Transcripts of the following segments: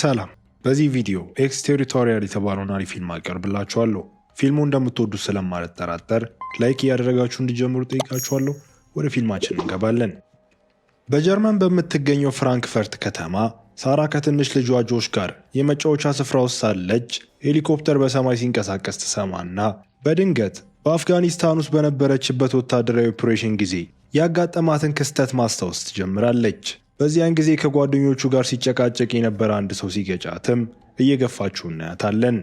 ሰላም። በዚህ ቪዲዮ ኤክስ ቴሪቶሪያል የተባለውን አሪፍ ፊልም አቀርብላችኋለሁ። ፊልሙ እንደምትወዱ ስለማልጠራጠር ላይክ እያደረጋችሁ እንዲጀምሩ ጠይቃችኋለሁ። ወደ ፊልማችን እንገባለን። በጀርመን በምትገኘው ፍራንክፈርት ከተማ ሳራ ከትንሽ ልጇ ጆሽ ጋር የመጫወቻ ስፍራ ውስጥ ሳለች ሄሊኮፕተር በሰማይ ሲንቀሳቀስ ትሰማና በድንገት በአፍጋኒስታን ውስጥ በነበረችበት ወታደራዊ ኦፕሬሽን ጊዜ ያጋጠማትን ክስተት ማስታወስ ትጀምራለች። በዚያን ጊዜ ከጓደኞቹ ጋር ሲጨቃጨቅ የነበረ አንድ ሰው ሲገጫትም እየገፋችሁ እናያታለን።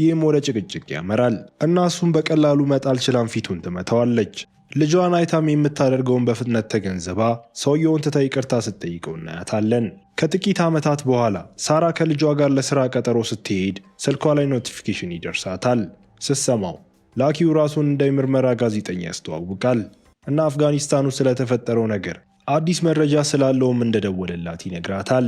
ይህም ወደ ጭቅጭቅ ያመራል እና እሱም በቀላሉ መጣል ችላም ፊቱን ትመታዋለች። ልጇን አይታም የምታደርገውን በፍጥነት ተገንዘባ ሰውየውን ትታ ይቅርታ ስትጠይቀው እናያታለን። ከጥቂት ዓመታት በኋላ ሳራ ከልጇ ጋር ለሥራ ቀጠሮ ስትሄድ ስልኳ ላይ ኖቲፊኬሽን ይደርሳታል። ስትሰማው ላኪው ራሱን እንደ ምርመራ ጋዜጠኛ ያስተዋውቃል እና አፍጋኒስታኑ ስለተፈጠረው ነገር አዲስ መረጃ ስላለውም እንደደወለላት ይነግራታል።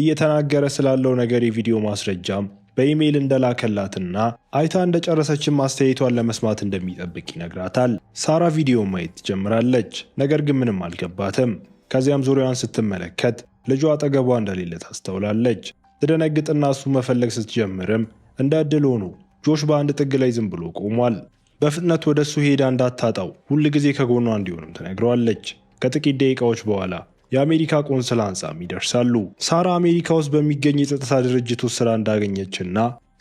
እየተናገረ ስላለው ነገር የቪዲዮ ማስረጃም በኢሜይል እንደላከላትና አይታ እንደጨረሰችም አስተያየቷን ለመስማት እንደሚጠብቅ ይነግራታል። ሳራ ቪዲዮ ማየት ትጀምራለች፣ ነገር ግን ምንም አልገባትም። ከዚያም ዙሪያዋን ስትመለከት ልጇ አጠገቧ እንደሌለ ታስተውላለች። ትደነግጥና እሱ መፈለግ ስትጀምርም እንደ ዕድል ሆኖ ጆሽ በአንድ ጥግ ላይ ዝም ብሎ ቆሟል። በፍጥነት ወደ እሱ ሄዳ እንዳታጣው ሁል ጊዜ ከጎኗ እንዲሆንም ትነግረዋለች። ከጥቂት ደቂቃዎች በኋላ የአሜሪካ ቆንስላ ሕንፃም ይደርሳሉ። ሳራ አሜሪካ ውስጥ በሚገኝ የጸጥታ ድርጅት ውስጥ ሥራ እንዳገኘችና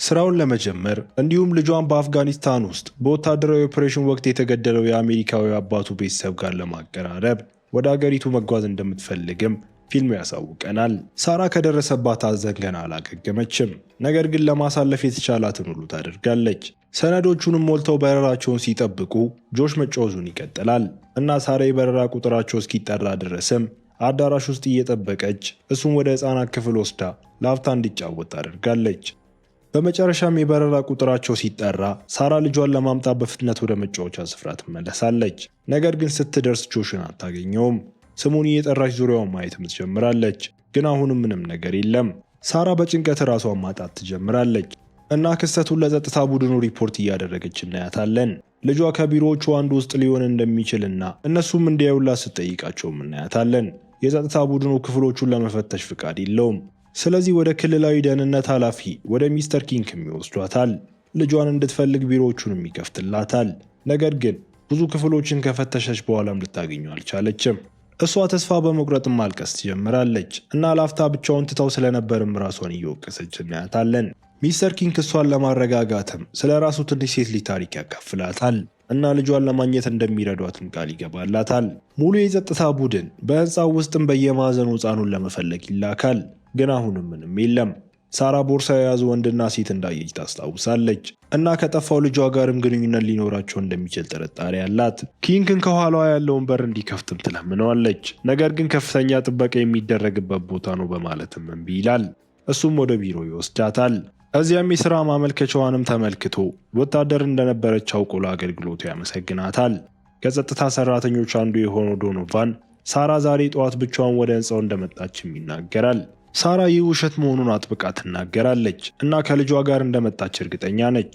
ስራውን ለመጀመር እንዲሁም ልጇን በአፍጋኒስታን ውስጥ በወታደራዊ ኦፕሬሽን ወቅት የተገደለው የአሜሪካዊ አባቱ ቤተሰብ ጋር ለማቀራረብ ወደ አገሪቱ መጓዝ እንደምትፈልግም ፊልሙ ያሳውቀናል። ሳራ ከደረሰባት ሐዘን ገና አላገገመችም። ነገር ግን ለማሳለፍ የተቻላትን ሁሉ ታደርጋለች። ሰነዶቹንም ሞልተው በረራቸውን ሲጠብቁ ጆሽ መጫወዙን ይቀጥላል እና ሳራ የበረራ ቁጥራቸው እስኪጠራ ድረስም አዳራሽ ውስጥ እየጠበቀች እሱን ወደ ሕፃናት ክፍል ወስዳ ለአፍታ እንዲጫወት ታደርጋለች። በመጨረሻም የበረራ ቁጥራቸው ሲጠራ ሳራ ልጇን ለማምጣት በፍጥነት ወደ መጫወቻ ስፍራ ትመለሳለች። ነገር ግን ስትደርስ ጆሽን አታገኘውም። ስሙን እየጠራች ዙሪያውን ማየትም ትጀምራለች። ግን አሁንም ምንም ነገር የለም። ሳራ በጭንቀት ራሷን ማጣት ትጀምራለች እና ክስተቱን ለጸጥታ ቡድኑ ሪፖርት እያደረገች እናያታለን። ልጇ ከቢሮዎቹ አንዱ ውስጥ ሊሆን እንደሚችልና እነሱም እንዲያዩላት ስትጠይቃቸውም እናያታለን። የጸጥታ ቡድኑ ክፍሎቹን ለመፈተሽ ፍቃድ የለውም። ስለዚህ ወደ ክልላዊ ደህንነት ኃላፊ ወደ ሚስተር ኪንግም ይወስዷታል። ልጇን እንድትፈልግ ቢሮዎቹንም ይከፍትላታል። ነገር ግን ብዙ ክፍሎችን ከፈተሸች በኋላም ልታገኙ አልቻለችም። እሷ ተስፋ በመቁረጥ ማልቀስ ትጀምራለች እና ላፍታ ብቻውን ትተው ስለነበርም ራሷን እየወቀሰች እናያታለን። ሚስተር ኪንግ እሷን ለማረጋጋትም ስለ ራሱ ትንሽ ሴት ልጅ ታሪክ ያካፍላታል እና ልጇን ለማግኘት እንደሚረዷትም ቃል ይገባላታል። ሙሉ የጸጥታ ቡድን በህንፃው ውስጥም በየማዕዘኑ ሕፃኑን ለመፈለግ ይላካል፣ ግን አሁንም ምንም የለም። ሳራ ቦርሳ የያዙ ወንድና ሴት እንዳየች ታስታውሳለች እና ከጠፋው ልጇ ጋርም ግንኙነት ሊኖራቸው እንደሚችል ጥርጣሬ አላት። ኪንግን ከኋላዋ ያለውን በር እንዲከፍትም ትለምነዋለች። ነገር ግን ከፍተኛ ጥበቃ የሚደረግበት ቦታ ነው በማለትም እምቢ ይላል። እሱም ወደ ቢሮ ይወስዳታል። እዚያም የሥራ ማመልከቻዋንም ተመልክቶ ወታደር እንደነበረች አውቆ ለአገልግሎቱ ያመሰግናታል። ከጸጥታ ሰራተኞች አንዱ የሆነው ዶኖቫን ሳራ ዛሬ ጠዋት ብቻዋን ወደ ህንፃው እንደመጣችም ይናገራል። ሳራ ይህ ውሸት መሆኑን አጥብቃ ትናገራለች እና ከልጇ ጋር እንደመጣች እርግጠኛ ነች።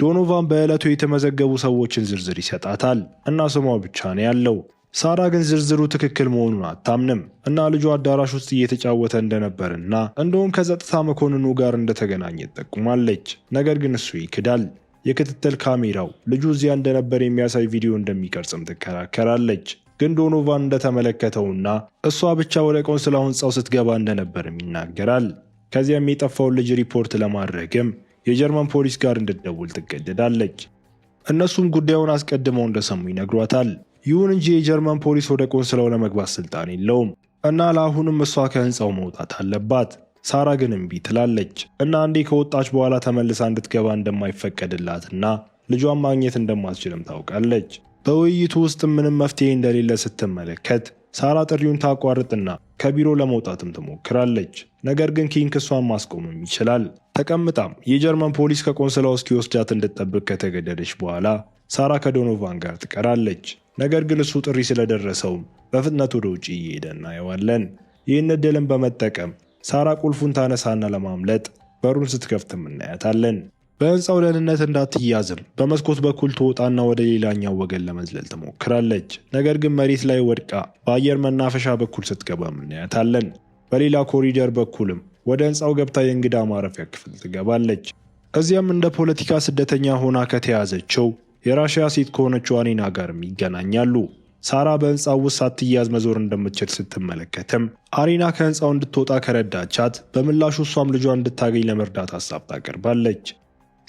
ዶኖቫን በዕለቱ የተመዘገቡ ሰዎችን ዝርዝር ይሰጣታል እና ስሟ ብቻ ነው ያለው። ሳራ ግን ዝርዝሩ ትክክል መሆኑን አታምንም እና ልጁ አዳራሽ ውስጥ እየተጫወተ እንደነበርና እንደውም ከጸጥታ መኮንኑ ጋር እንደተገናኘ ትጠቁማለች። ነገር ግን እሱ ይክዳል። የክትትል ካሜራው ልጁ እዚያ እንደነበር የሚያሳይ ቪዲዮ እንደሚቀርጽም ትከራከራለች። ግን ዶኖቫን እንደተመለከተውና እሷ ብቻ ወደ ቆንስላ ህንፃው ስትገባ እንደነበርም ይናገራል። ከዚያም የጠፋውን ልጅ ሪፖርት ለማድረግም የጀርመን ፖሊስ ጋር እንድደውል ትገደዳለች። እነሱም ጉዳዩን አስቀድመው እንደሰሙ ይነግሯታል። ይሁን እንጂ የጀርመን ፖሊስ ወደ ቆንስላው ለመግባት ስልጣን የለውም እና ለአሁንም እሷ ከህንፃው መውጣት አለባት። ሳራ ግን እምቢ ትላለች እና አንዴ ከወጣች በኋላ ተመልሳ እንድትገባ እንደማይፈቀድላትና ልጇን ማግኘት እንደማትችልም ታውቃለች። በውይይቱ ውስጥ ምንም መፍትሄ እንደሌለ ስትመለከት ሳራ ጥሪውን ታቋርጥና ከቢሮ ለመውጣትም ትሞክራለች። ነገር ግን ኪንግ እሷን ማስቆምም ይችላል። ተቀምጣም የጀርመን ፖሊስ ከቆንስላው እስኪወስዳት እንድትጠብቅ ከተገደደች በኋላ ሳራ ከዶኖቫን ጋር ትቀራለች። ነገር ግን እሱ ጥሪ ስለደረሰውም በፍጥነት ወደ ውጭ እየሄደ እናየዋለን። ይህን እድልን በመጠቀም ሳራ ቁልፉን ታነሳና ለማምለጥ በሩን ስትከፍትም እናያታለን። በህንፃው ደህንነት እንዳትያዝም በመስኮት በኩል ትወጣና ወደ ሌላኛው ወገን ለመዝለል ትሞክራለች። ነገር ግን መሬት ላይ ወድቃ በአየር መናፈሻ በኩል ስትገባም እናያታለን። በሌላ ኮሪደር በኩልም ወደ ህንፃው ገብታ የእንግዳ ማረፊያ ክፍል ትገባለች። እዚያም እንደ ፖለቲካ ስደተኛ ሆና ከተያዘችው የራሽያ ሴት ከሆነችው አኒና ጋርም ይገናኛሉ። ሳራ በህንፃው ውስጥ ሳትያዝ መዞር እንደምትችል ስትመለከትም አሪና ከህንፃው እንድትወጣ ከረዳቻት፣ በምላሹ እሷም ልጇ እንድታገኝ ለመርዳት ሀሳብ ታቀርባለች።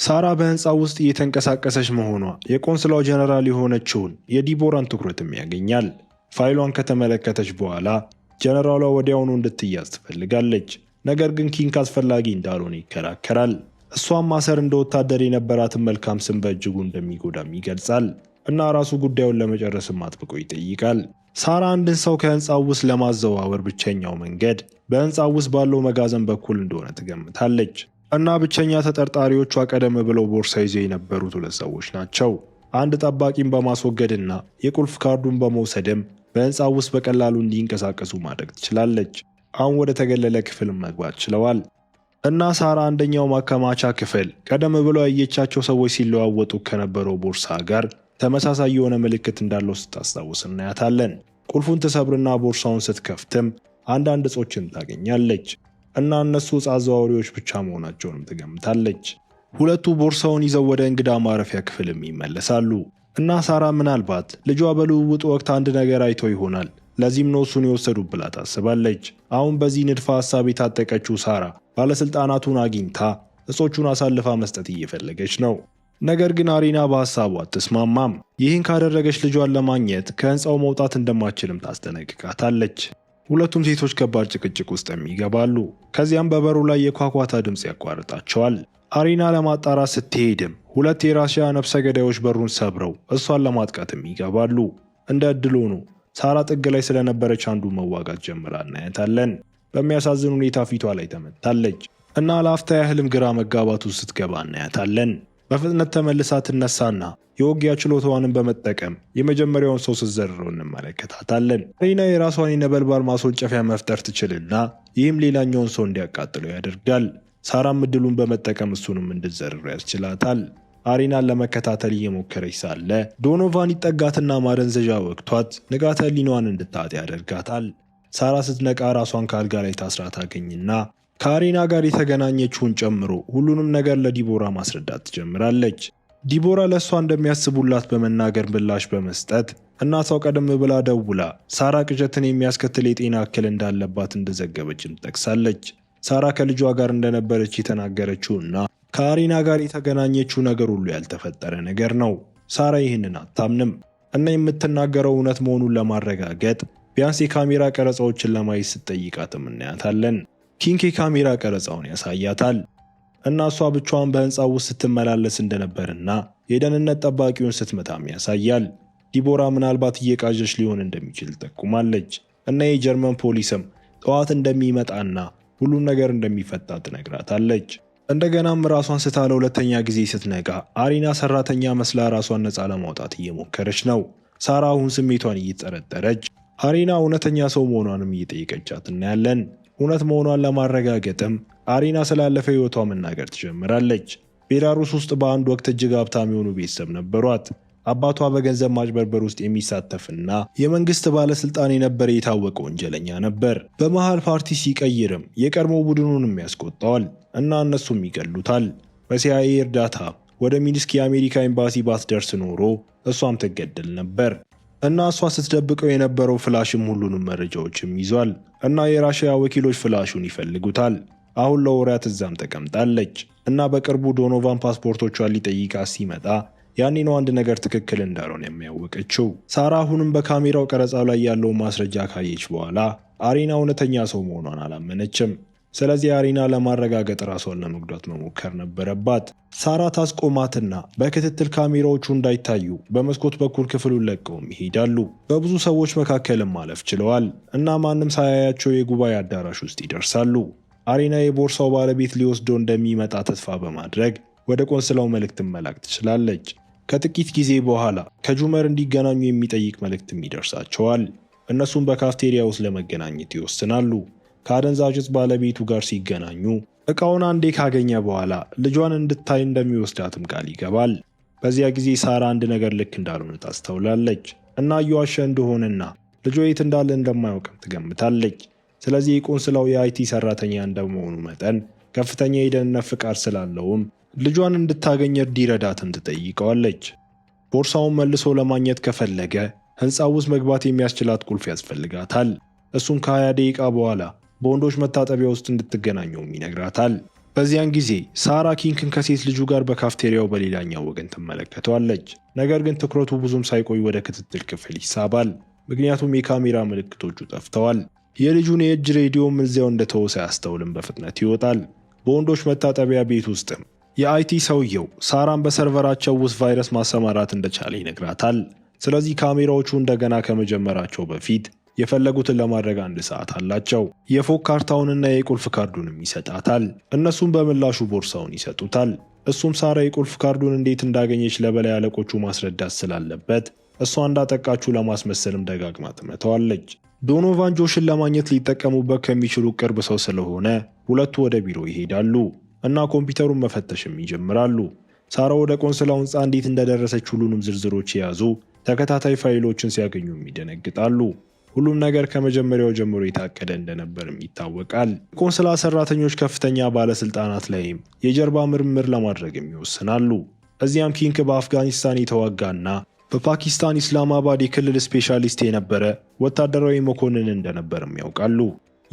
ሳራ በህንፃው ውስጥ እየተንቀሳቀሰች መሆኗ የቆንስላው ጀነራል የሆነችውን የዲቦራን ትኩረትም ያገኛል። ፋይሏን ከተመለከተች በኋላ ጀነራሏ ወዲያውኑ እንድትያዝ ትፈልጋለች። ነገር ግን ኪንክ አስፈላጊ እንዳልሆነ ይከራከራል። እሷም ማሰር እንደ ወታደር የነበራትን መልካም ስም በእጅጉ እንደሚጎዳም ይገልጻል እና ራሱ ጉዳዩን ለመጨረስም አጥብቆ ይጠይቃል። ሳራ አንድን ሰው ከህንፃው ውስጥ ለማዘዋወር ብቸኛው መንገድ በህንፃው ውስጥ ባለው መጋዘን በኩል እንደሆነ ትገምታለች። እና ብቸኛ ተጠርጣሪዎቿ ቀደም ብለው ቦርሳ ይዘው የነበሩት ሁለት ሰዎች ናቸው። አንድ ጠባቂን በማስወገድና የቁልፍ ካርዱን በመውሰድም በህንፃ ውስጥ በቀላሉ እንዲንቀሳቀሱ ማድረግ ትችላለች። አሁን ወደ ተገለለ ክፍል መግባት ችለዋል እና ሳራ አንደኛው ማከማቻ ክፍል ቀደም ብለው ያየቻቸው ሰዎች ሲለዋወጡ ከነበረው ቦርሳ ጋር ተመሳሳይ የሆነ ምልክት እንዳለው ስታስታውስ እናያታለን። ቁልፉን ትሰብርና ቦርሳውን ስትከፍትም አንዳንድ እጾችን ታገኛለች። እና እነሱ ዕፅ አዘዋዋሪዎች ብቻ መሆናቸውንም ትገምታለች። ሁለቱ ቦርሳውን ይዘው ወደ እንግዳ ማረፊያ ክፍልም ይመለሳሉ እና ሳራ ምናልባት ልጇ በልውውጥ ወቅት አንድ ነገር አይቶ ይሆናል ለዚህም ነው እሱን የወሰዱ ብላ ታስባለች። አሁን በዚህ ንድፈ ሐሳብ የታጠቀችው ሳራ ባለሥልጣናቱን አግኝታ እጾቹን አሳልፋ መስጠት እየፈለገች ነው። ነገር ግን አሪና በሐሳቡ አትስማማም። ይህን ካደረገች ልጇን ለማግኘት ከሕንፃው መውጣት እንደማትችልም ታስጠነቅቃታለች። ሁለቱም ሴቶች ከባድ ጭቅጭቅ ውስጥ የሚገባሉ። ከዚያም በበሩ ላይ የኳኳታ ድምፅ ያቋርጣቸዋል። አሪና ለማጣራት ስትሄድም ሁለት የራሽያ ነፍሰ ገዳዮች በሩን ሰብረው እሷን ለማጥቃትም ይገባሉ። እንደ እድል ሆኖ ሳራ ጥግ ላይ ስለነበረች አንዱ መዋጋት ጀምራ እናያታለን። በሚያሳዝን ሁኔታ ፊቷ ላይ ተመታለች እና ለአፍታ ያህልም ግራ መጋባቱ ስትገባ እናያታለን። በፍጥነት ተመልሳ ትነሳና የውጊያ ችሎታዋንም በመጠቀም የመጀመሪያውን ሰው ስትዘርረው እንመለከታታለን። ሪና የራሷን የነበልባል ማስወንጨፊያ መፍጠር ትችልና ይህም ሌላኛውን ሰው እንዲያቃጥለው ያደርጋል። ሳራም እድሉን በመጠቀም እሱንም እንድትዘርረው ያስችላታል። አሪናን ለመከታተል እየሞከረች ሳለ ዶኖቫን ይጠጋትና ማደንዘዣ ወቅቷት ንቃተ ሕሊናዋን እንድታጣ ያደርጋታል። ሳራ ስትነቃ ራሷን ከአልጋ ላይ ታስራ ታገኝና ከአሬና ጋር የተገናኘችውን ጨምሮ ሁሉንም ነገር ለዲቦራ ማስረዳት ትጀምራለች። ዲቦራ ለእሷ እንደሚያስቡላት በመናገር ምላሽ በመስጠት እናቷ ቀደም ብላ ደውላ ሳራ ቅዠትን የሚያስከትል የጤና እክል እንዳለባት እንደዘገበችም ጠቅሳለች። ሳራ ከልጇ ጋር እንደነበረች የተናገረችው እና ከአሪና ጋር የተገናኘችው ነገር ሁሉ ያልተፈጠረ ነገር ነው። ሳራ ይህንን አታምንም እና የምትናገረው እውነት መሆኑን ለማረጋገጥ ቢያንስ የካሜራ ቀረጻዎችን ለማየት ስትጠይቃትም እናያታለን። ኪንኬ ካሜራ ቀረጻውን ያሳያታል እና እሷ ብቻዋን በህንፃው ውስጥ ስትመላለስ እንደነበርና የደህንነት ጠባቂውን ስትመታም ያሳያል። ዲቦራ ምናልባት እየቃዠች ሊሆን እንደሚችል ጠቁማለች እና የጀርመን ፖሊስም ጠዋት እንደሚመጣና ሁሉም ነገር እንደሚፈታ ትነግራታለች። እንደገናም ራሷን ስታ ለሁለተኛ ጊዜ ስትነቃ አሪና ሰራተኛ መስላ ራሷን ነፃ ለማውጣት እየሞከረች ነው። ሳራ አሁን ስሜቷን እየጠረጠረች፣ አሪና እውነተኛ ሰው መሆኗንም እየጠየቀቻት እናያለን። እውነት መሆኗን ለማረጋገጥም አሪና ስላለፈ ህይወቷ መናገር ትጀምራለች። ቤላሩስ ውስጥ በአንድ ወቅት እጅግ ሀብታም የሆኑ ቤተሰብ ነበሯት። አባቷ በገንዘብ ማጭበርበር ውስጥ የሚሳተፍና የመንግስት ባለስልጣን የነበረ የታወቀ ወንጀለኛ ነበር። በመሃል ፓርቲ ሲቀይርም የቀድሞ ቡድኑንም ያስቆጣዋል እና እነሱም ይገሉታል። በሲአይኤ እርዳታ ወደ ሚኒስክ የአሜሪካ ኤምባሲ ባትደርስ ኖሮ እሷም ትገደል ነበር። እና እሷ ስትደብቀው የነበረው ፍላሽም ሁሉንም መረጃዎችም ይዟል እና የራሽያ ወኪሎች ፍላሹን ይፈልጉታል። አሁን ለወራት እዛም ተቀምጣለች እና በቅርቡ ዶኖቫን ፓስፖርቶቿን ሊጠይቃ ሲመጣ ያኔ ነው አንድ ነገር ትክክል እንዳልሆነ የሚያወቀችው። ሳራ አሁንም በካሜራው ቀረጻው ላይ ያለውን ማስረጃ ካየች በኋላ አሪና እውነተኛ ሰው መሆኗን አላመነችም። ስለዚህ አሪና ለማረጋገጥ ራሷን ለመጉዳት መሞከር ነበረባት። ሳራ ታስቆማትና በክትትል ካሜራዎቹ እንዳይታዩ በመስኮት በኩል ክፍሉን ለቀውም ይሄዳሉ። በብዙ ሰዎች መካከልም ማለፍ ችለዋል እና ማንም ሳያያቸው የጉባኤ አዳራሽ ውስጥ ይደርሳሉ። አሪና የቦርሳው ባለቤት ሊወስደው እንደሚመጣ ተስፋ በማድረግ ወደ ቆንስላው መልእክትን መላክ ትችላለች። ከጥቂት ጊዜ በኋላ ከጁመር እንዲገናኙ የሚጠይቅ መልእክትም ይደርሳቸዋል። እነሱም በካፍቴሪያ ውስጥ ለመገናኘት ይወስናሉ። ከአደንዛዥ ዕፅ ባለቤቱ ጋር ሲገናኙ እቃውን አንዴ ካገኘ በኋላ ልጇን እንድታይ እንደሚወስዳትም ቃል ይገባል። በዚያ ጊዜ ሳራ አንድ ነገር ልክ እንዳልሆነ ታስተውላለች እና እየዋሸ እንደሆነና ልጇ የት እንዳለ እንደማያውቅም ትገምታለች። ስለዚህ የቆንስላው የአይቲ ሰራተኛ እንደመሆኑ መጠን ከፍተኛ የደህንነት ፍቃድ ስላለውም ልጇን እንድታገኝ እርድ ይረዳትም ትጠይቀዋለች። ቦርሳውን መልሶ ለማግኘት ከፈለገ ህንፃ ውስጥ መግባት የሚያስችላት ቁልፍ ያስፈልጋታል። እሱም ከ20 ደቂቃ በኋላ በወንዶች መታጠቢያ ውስጥ እንድትገናኘውም ይነግራታል። በዚያን ጊዜ ሳራ ኪንክን ከሴት ልጁ ጋር በካፍቴሪያው በሌላኛው ወገን ትመለከተዋለች። ነገር ግን ትኩረቱ ብዙም ሳይቆይ ወደ ክትትል ክፍል ይሳባል፣ ምክንያቱም የካሜራ ምልክቶቹ ጠፍተዋል። የልጁን የእጅ ሬዲዮም እዚያው እንደተወ ሳያስተውልም በፍጥነት ይወጣል። በወንዶች መታጠቢያ ቤት ውስጥም የአይቲ ሰውየው ሳራን በሰርቨራቸው ውስጥ ቫይረስ ማሰማራት እንደቻለ ይነግራታል። ስለዚህ ካሜራዎቹ እንደገና ከመጀመራቸው በፊት የፈለጉትን ለማድረግ አንድ ሰዓት አላቸው። የፎቅ ካርታውንና የቁልፍ ካርዱንም ይሰጣታል። እነሱም በምላሹ ቦርሳውን ይሰጡታል። እሱም ሳራ የቁልፍ ካርዱን እንዴት እንዳገኘች ለበላይ አለቆቹ ማስረዳት ስላለበት እሷ እንዳጠቃችሁ ለማስመሰልም ደጋግማ ትመተዋለች። ዶኖቫን ጆሽን ለማግኘት ሊጠቀሙበት ከሚችሉ ቅርብ ሰው ስለሆነ ሁለቱ ወደ ቢሮ ይሄዳሉ እና ኮምፒውተሩን መፈተሽም ይጀምራሉ። ሳራ ወደ ቆንስላው ህንፃ እንዴት እንደደረሰች ሁሉንም ዝርዝሮች የያዙ ተከታታይ ፋይሎችን ሲያገኙም ይደነግጣሉ። ሁሉም ነገር ከመጀመሪያው ጀምሮ የታቀደ እንደነበርም ይታወቃል። ቆንስላ ሰራተኞች ከፍተኛ ባለስልጣናት ላይም የጀርባ ምርምር ለማድረግም ይወስናሉ። እዚያም ኪንክ በአፍጋኒስታን የተዋጋና በፓኪስታን ኢስላማባድ የክልል ስፔሻሊስት የነበረ ወታደራዊ መኮንን እንደነበርም ያውቃሉ።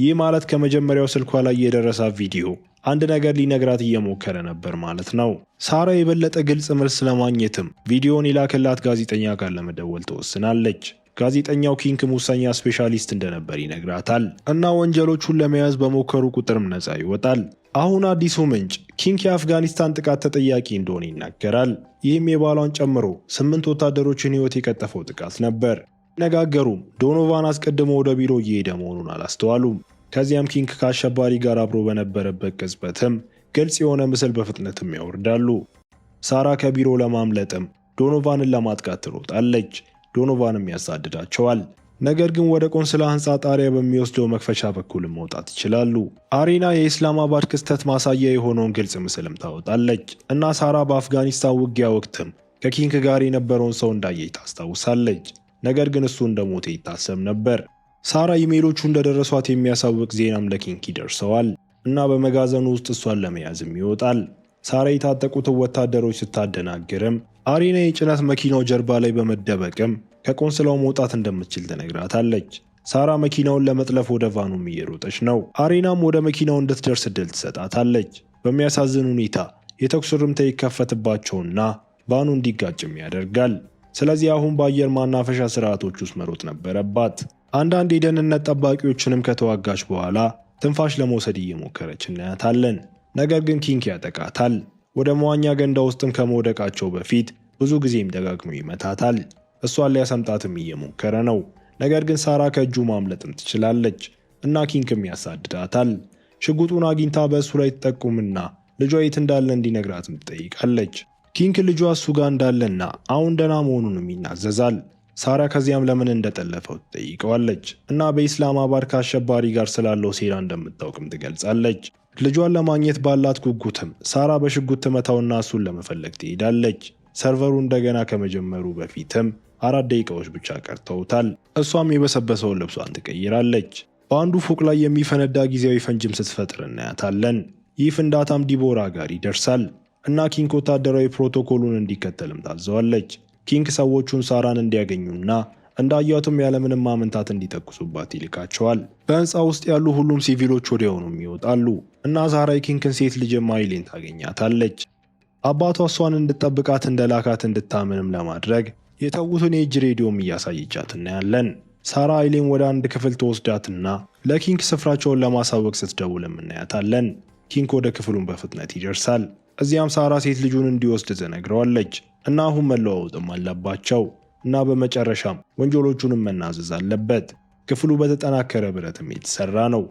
ይህ ማለት ከመጀመሪያው ስልኳ ላይ የደረሳት ቪዲዮ አንድ ነገር ሊነግራት እየሞከረ ነበር ማለት ነው። ሳራ የበለጠ ግልጽ መልስ ለማግኘትም ቪዲዮን የላከላት ጋዜጠኛ ጋር ለመደወል ትወስናለች። ጋዜጠኛው ኪንክ ሙሰኛ ስፔሻሊስት እንደነበር ይነግራታል እና ወንጀሎቹን ለመያዝ በሞከሩ ቁጥርም ነፃ ይወጣል። አሁን አዲሱ ምንጭ ኪንክ የአፍጋኒስታን ጥቃት ተጠያቂ እንደሆነ ይናገራል። ይህም የባሏን ጨምሮ ስምንት ወታደሮችን ሕይወት የቀጠፈው ጥቃት ነበር። ነጋገሩም ዶኖቫን አስቀድሞ ወደ ቢሮ እየሄደ መሆኑን አላስተዋሉም። ከዚያም ኪንክ ከአሸባሪ ጋር አብሮ በነበረበት ቅጽበትም ግልጽ የሆነ ምስል በፍጥነትም ያወርዳሉ። ሳራ ከቢሮ ለማምለጥም ዶኖቫንን ለማጥቃት ትሮጣለች። ዶኖቫንም ያሳድዳቸዋል። ነገር ግን ወደ ቆንስላ ህንፃ ጣሪያ በሚወስደው መክፈቻ በኩልም መውጣት ይችላሉ። አሬና የኢስላማባድ ክስተት ማሳያ የሆነውን ግልጽ ምስልም ታወጣለች እና ሳራ በአፍጋኒስታን ውጊያ ወቅትም ከኪንክ ጋር የነበረውን ሰው እንዳየች ታስታውሳለች። ነገር ግን እሱ እንደሞተ ይታሰብ ነበር። ሳራ ኢሜሎቹ እንደደረሷት የሚያሳውቅ ዜናም ለኪንክ ይደርሰዋል እና በመጋዘኑ ውስጥ እሷን ለመያዝም ይወጣል። ሳራ የታጠቁትን ወታደሮች ስታደናግርም አሪና የጭነት መኪናው ጀርባ ላይ በመደበቅም ከቆንስላው መውጣት እንደምትችል ትነግራታለች። ሳራ መኪናውን ለመጥለፍ ወደ ቫኑም እየሮጠች ነው። አሪናም ወደ መኪናው እንድትደርስ እድል ትሰጣታለች። በሚያሳዝን ሁኔታ የተኩስ ርምታ ይከፈትባቸውና ቫኑ እንዲጋጭም ያደርጋል። ስለዚህ አሁን በአየር ማናፈሻ ስርዓቶች ውስጥ መሮጥ ነበረባት። አንዳንድ የደህንነት ጠባቂዎችንም ከተዋጋች በኋላ ትንፋሽ ለመውሰድ እየሞከረች እናያታለን። ነገር ግን ኪንክ ያጠቃታል። ወደ መዋኛ ገንዳ ውስጥም ከመውደቃቸው በፊት ብዙ ጊዜም ደጋግሞ ይመታታል። እሷን ሊያሰምጣትም እየሞከረ ነው። ነገር ግን ሳራ ከእጁ ማምለጥም ትችላለች እና ኪንክም ያሳድዳታል። ሽጉጡን አግኝታ በእሱ ላይ ትጠቁምና ልጇ የት እንዳለ እንዲነግራትም ትጠይቃለች። ኪንክ ልጇ እሱ ጋር እንዳለና አሁን ደህና መሆኑንም ይናዘዛል። ሳራ ከዚያም ለምን እንደጠለፈው ትጠይቀዋለች እና በኢስላማባድ ከአሸባሪ ጋር ስላለው ሴራ እንደምታውቅም ትገልጻለች። ልጇን ለማግኘት ባላት ጉጉትም ሳራ በሽጉጥ ትመታውና እሱን ለመፈለግ ትሄዳለች። ሰርቨሩ እንደገና ከመጀመሩ በፊትም አራት ደቂቃዎች ብቻ ቀርተውታል። እሷም የበሰበሰውን ልብሷን ትቀይራለች። በአንዱ ፎቅ ላይ የሚፈነዳ ጊዜያዊ ፈንጅም ስትፈጥር እናያታለን። ይህ ፍንዳታም ዲቦራ ጋር ይደርሳል እና ኪንግ ወታደራዊ ፕሮቶኮሉን እንዲከተልም ታዘዋለች። ኪንግ ሰዎቹን ሳራን እንዲያገኙና እንዳያቱም ያለምንም ማመንታት እንዲጠቁሱባት ይልካቸዋል። በህንፃ ውስጥ ያሉ ሁሉም ሲቪሎች ወዲያውኑም ይወጣሉ እና ዛራ የኪንግን ሴት ልጅ ማይሌን ታገኛታለች። አባቷ እሷን እንድጠብቃት እንደላካት እንድታምንም ለማድረግ የተዉትን የእጅ ሬዲዮም እያሳየቻት እናያለን። ሳራ አይሌም ወደ አንድ ክፍል ተወስዳትና ለኪንክ ስፍራቸውን ለማሳወቅ ስትደውልም እናያታለን። ኪንክ ወደ ክፍሉን በፍጥነት ይደርሳል። እዚያም ሳራ ሴት ልጁን እንዲወስድ ትነግረዋለች እና አሁን መለዋወጥም አለባቸው እና በመጨረሻም ወንጀሎቹንም መናዘዝ አለበት። ክፍሉ በተጠናከረ ብረትም የተሰራ ነው።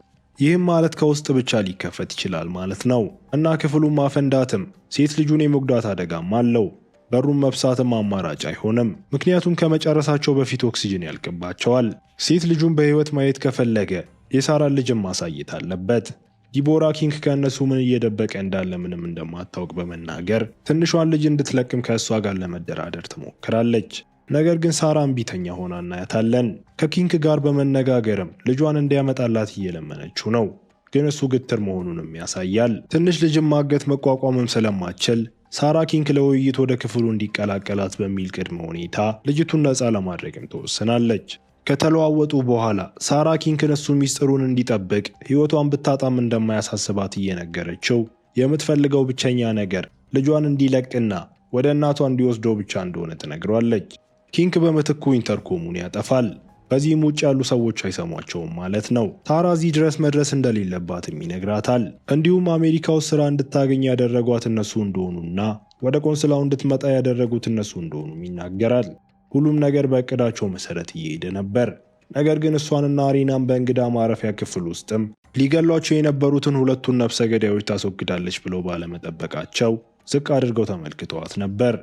ይህም ማለት ከውስጥ ብቻ ሊከፈት ይችላል ማለት ነው እና ክፍሉን ማፈንዳትም ሴት ልጁን የመጉዳት አደጋም አለው። በሩን መብሳትም አማራጭ አይሆንም፣ ምክንያቱም ከመጨረሳቸው በፊት ኦክሲጅን ያልቅባቸዋል። ሴት ልጁን በህይወት ማየት ከፈለገ የሳራን ልጅም ማሳየት አለበት። ዲቦራ ኪንግ ከእነሱ ምን እየደበቀ እንዳለ ምንም እንደማታውቅ በመናገር ትንሿን ልጅ እንድትለቅም ከእሷ ጋር ለመደራደር ትሞክራለች። ነገር ግን ሳራ እምቢተኛ ሆና እናያታለን። ከኪንክ ጋር በመነጋገርም ልጇን እንዲያመጣላት እየለመነችው ነው። ግን እሱ ግትር መሆኑንም ያሳያል። ትንሽ ልጅም ማገት መቋቋምም ስለማትችል ሳራ ኪንክ ለውይይት ወደ ክፍሉ እንዲቀላቀላት በሚል ቅድመ ሁኔታ ልጅቱን ነፃ ለማድረግም ትወስናለች። ከተለዋወጡ በኋላ ሳራ ኪንክ እሱ ሚስጥሩን እንዲጠብቅ ሕይወቷን ብታጣም እንደማያሳስባት እየነገረችው የምትፈልገው ብቸኛ ነገር ልጇን እንዲለቅና ወደ እናቷ እንዲወስደው ብቻ እንደሆነ ትነግሯለች። ኪንክ በምትኩ ኢንተርኮሙን ያጠፋል። በዚህም ውጭ ያሉ ሰዎች አይሰሟቸውም ማለት ነው። ታራ እዚህ ድረስ መድረስ እንደሌለባትም ይነግራታል። እንዲሁም አሜሪካ ውስጥ ስራ እንድታገኝ ያደረጓት እነሱ እንደሆኑና ወደ ቆንስላው እንድትመጣ ያደረጉት እነሱ እንደሆኑም ይናገራል። ሁሉም ነገር በእቅዳቸው መሰረት እየሄደ ነበር። ነገር ግን እሷንና አሪናን በእንግዳ ማረፊያ ክፍል ውስጥም ሊገሏቸው የነበሩትን ሁለቱን ነፍሰ ገዳዮች ታስወግዳለች ብለው ባለመጠበቃቸው ዝቅ አድርገው ተመልክተዋት ነበር።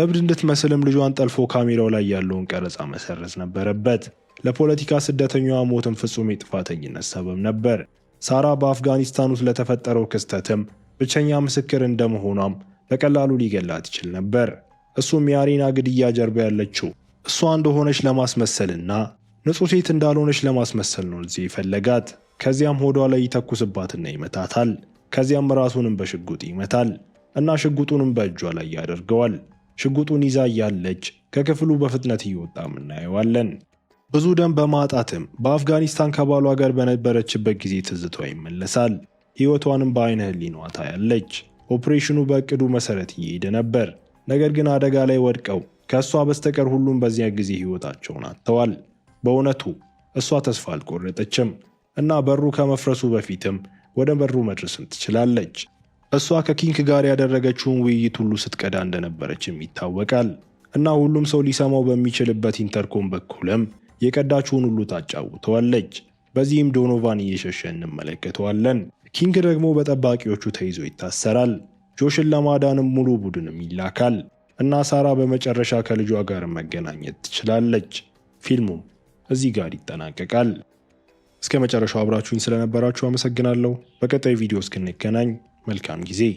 እብድ እንድትመስልም ልጇን ጠልፎ ካሜራው ላይ ያለውን ቀረጻ መሰረዝ ነበረበት። ለፖለቲካ ስደተኛዋ ሞትም ፍጹም የጥፋተኝነት ሰበብ ነበር። ሳራ በአፍጋኒስታን ውስጥ ለተፈጠረው ክስተትም ብቸኛ ምስክር እንደመሆኗም በቀላሉ ሊገላት ይችል ነበር። እሱም የአሬና ግድያ ጀርባ ያለችው እሷ እንደሆነች ለማስመሰልና ንጹሕ ሴት እንዳልሆነች ለማስመሰል ነው እዚህ ይፈለጋት። ከዚያም ሆዷ ላይ ይተኩስባትና ይመታታል። ከዚያም ራሱንም በሽጉጥ ይመታል እና ሽጉጡንም በእጇ ላይ ያደርገዋል። ሽጉጡን ይዛ እያለች ከክፍሉ በፍጥነት እየወጣም እናየዋለን። ብዙ ደም በማጣትም በአፍጋኒስታን ከባሏ ጋር በነበረችበት ጊዜ ትዝቷ ይመለሳል። ሕይወቷንም በአይነ ህሊናዋ ታያለች። ኦፕሬሽኑ በእቅዱ መሰረት እየሄደ ነበር። ነገር ግን አደጋ ላይ ወድቀው ከእሷ በስተቀር ሁሉም በዚያ ጊዜ ሕይወታቸውን አጥተዋል። በእውነቱ እሷ ተስፋ አልቆረጠችም እና በሩ ከመፍረሱ በፊትም ወደ በሩ መድረስን ትችላለች። እሷ ከኪንክ ጋር ያደረገችውን ውይይት ሁሉ ስትቀዳ እንደነበረችም ይታወቃል እና ሁሉም ሰው ሊሰማው በሚችልበት ኢንተርኮም በኩልም የቀዳችውን ሁሉ ታጫውተዋለች። በዚህም ዶኖቫን እየሸሸ እንመለከተዋለን። ኪንግ ደግሞ በጠባቂዎቹ ተይዞ ይታሰራል። ጆሽን ለማዳንም ሙሉ ቡድንም ይላካል እና ሳራ በመጨረሻ ከልጇ ጋር መገናኘት ትችላለች። ፊልሙም እዚህ ጋር ይጠናቀቃል። እስከ መጨረሻው አብራችሁኝ ስለነበራችሁ አመሰግናለሁ። በቀጣይ ቪዲዮ እስክንገናኝ መልካም ጊዜ